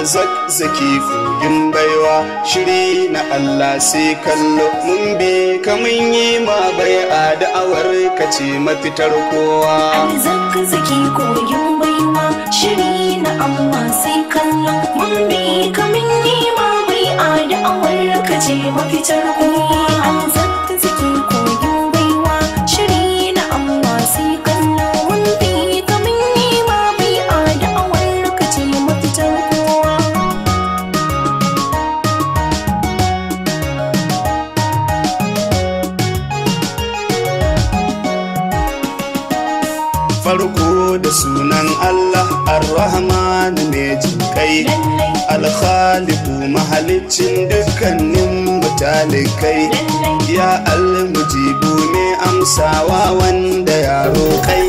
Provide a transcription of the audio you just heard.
alzazzaki kogin baiwa shiri na Allah sai kallo mun bi ka mun yi ma bai a da'awar ka ce mafitar kowa alzazzaki kogin baiwa shiri na Allah sai kallo mun bi ka mun yi ma bai a da'awar ka ce mafitar kowa farko da sunan Allah ar-Rahman mai jinkai alkhaliku mahalicin dukkanin mutalikai ya almujibu mai amsawa wanda ya roƙai